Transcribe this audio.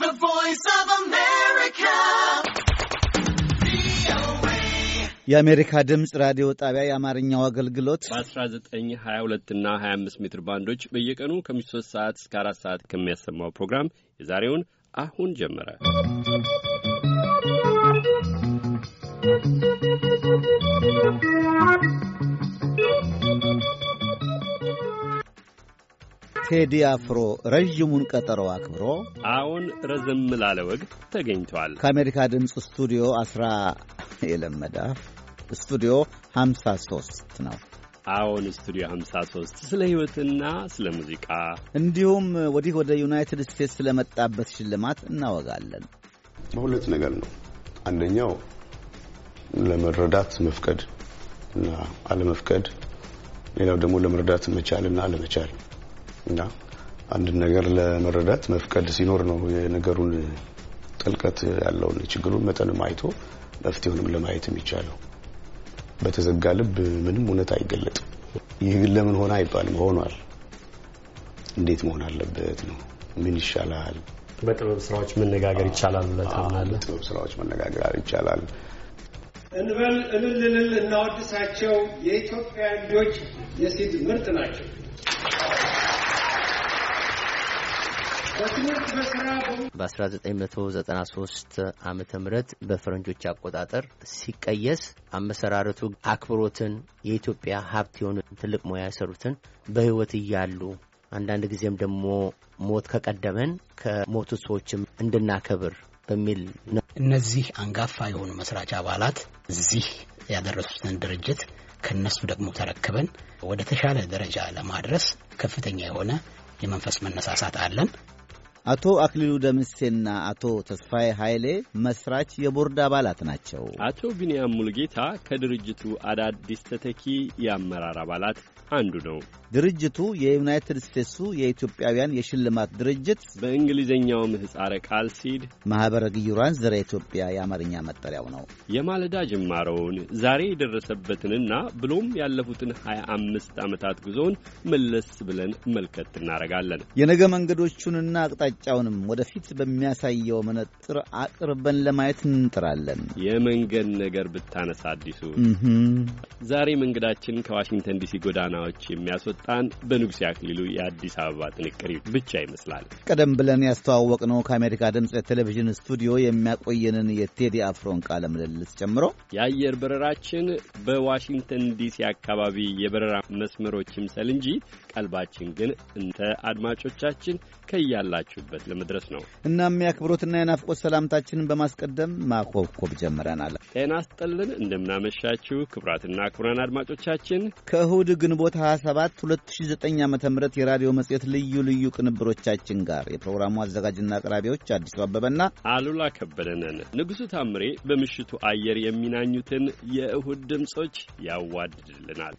The Voice of America. የአሜሪካ ድምፅ ራዲዮ ጣቢያ የአማርኛው አገልግሎት በ1922 እና 25 ሜትር ባንዶች በየቀኑ ከምሽቱ 3 ሰዓት እስከ 4 ሰዓት ከሚያሰማው ፕሮግራም የዛሬውን አሁን ጀመረ። ቴዲ አፍሮ ረዥሙን ቀጠሮ አክብሮ አሁን ረዘም ላለ ወቅት ተገኝቷል። ከአሜሪካ ድምፅ ስቱዲዮ አስራ የለመደ ስቱዲዮ 53 ነው። አዎን ስቱዲዮ 53 ስለ ሕይወትና ስለ ሙዚቃ እንዲሁም ወዲህ ወደ ዩናይትድ ስቴትስ ስለመጣበት ሽልማት እናወጋለን። በሁለት ነገር ነው። አንደኛው ለመረዳት መፍቀድ እና አለመፍቀድ፣ ሌላው ደግሞ ለመረዳት መቻል እና አለመቻል እና አንድን ነገር ለመረዳት መፍቀድ ሲኖር ነው የነገሩን ጥልቀት ያለውን ችግሩን መጠንም አይቶ መፍትሄውንም ለማየት የሚቻለው። በተዘጋ ልብ ምንም እውነት አይገለጥም። ይህ ግን ለምን ሆነ አይባልም። ሆኗል። እንዴት መሆን አለበት ነው። ምን ይሻላል? በጥበብ ስራዎች መነጋገር ይቻላል ብለህ ታምናለህ? በጥበብ ስራዎች መነጋገር ይቻላል እንበል፣ እልል እልል እናወድሳቸው። የኢትዮጵያ ልጆች የሴት ምርጥ ናቸው። በ1993 ዓ ምህረት በፈረንጆች አቆጣጠር ሲቀየስ አመሰራረቱ አክብሮትን የኢትዮጵያ ሀብት የሆኑ ትልቅ ሙያ የሰሩትን በሕይወት እያሉ አንዳንድ ጊዜም ደግሞ ሞት ከቀደመን ከሞቱት ሰዎችም እንድናከብር በሚል እነዚህ አንጋፋ የሆኑ መስራች አባላት እዚህ ያደረሱትን ድርጅት ከነሱ ደግሞ ተረክበን ወደ ተሻለ ደረጃ ለማድረስ ከፍተኛ የሆነ የመንፈስ መነሳሳት አለን። አቶ አክሊሉ ደምሴና አቶ ተስፋዬ ኃይሌ መስራች የቦርድ አባላት ናቸው። አቶ ቢንያም ሙልጌታ ከድርጅቱ አዳዲስ ተተኪ የአመራር አባላት አንዱ ነው። ድርጅቱ የዩናይትድ ስቴትሱ የኢትዮጵያውያን የሽልማት ድርጅት በእንግሊዝኛው ምህፃረ ቃል ሲድ ማኅበረ ግዩራን ዘረ ኢትዮጵያ የአማርኛ መጠሪያው ነው። የማለዳ ጅማረውን ዛሬ የደረሰበትንና ብሎም ያለፉትን 25 ዓመታት ጉዞውን መለስ ብለን መልከት እናደርጋለን። የነገ መንገዶቹንና አቅጣጫውንም ወደፊት በሚያሳየው መነጥር አቅርበን ለማየት እንጥራለን። የመንገድ ነገር ብታነሳ አዲሱ ዛሬ መንገዳችን ከዋሽንግተን ዲሲ ጎዳና ዜናዎች የሚያስወጣን በንጉሴ አክሊሉ የአዲስ አበባ ጥንቅር ብቻ ይመስላል። ቀደም ብለን ያስተዋወቅነው ከአሜሪካ ድምፅ የቴሌቪዥን ስቱዲዮ የሚያቆየንን የቴዲ አፍሮን ቃለ ምልልስ ጨምሮ የአየር በረራችን በዋሽንግተን ዲሲ አካባቢ የበረራ መስመሮች ይምሰል እንጂ ቀልባችን ግን እንተ አድማጮቻችን ከያላችሁበት ለመድረስ ነው። እናም የአክብሮትና የናፍቆት ሰላምታችንን በማስቀደም ማኮብኮብ ጀምረናል። ጤና ስጥልን፣ እንደምናመሻችሁ ክቡራትና ክቡራን አድማጮቻችን ከእሁድ ግንቦ ከግንቦት 27 2009 ዓ ም የራዲዮ መጽሔት ልዩ ልዩ ቅንብሮቻችን ጋር የፕሮግራሙ አዘጋጅና አቅራቢዎች አዲሱ አበበና አሉላ ከበደነን። ንጉሡ ታምሬ በምሽቱ አየር የሚናኙትን የእሁድ ድምፆች ያዋድድልናል።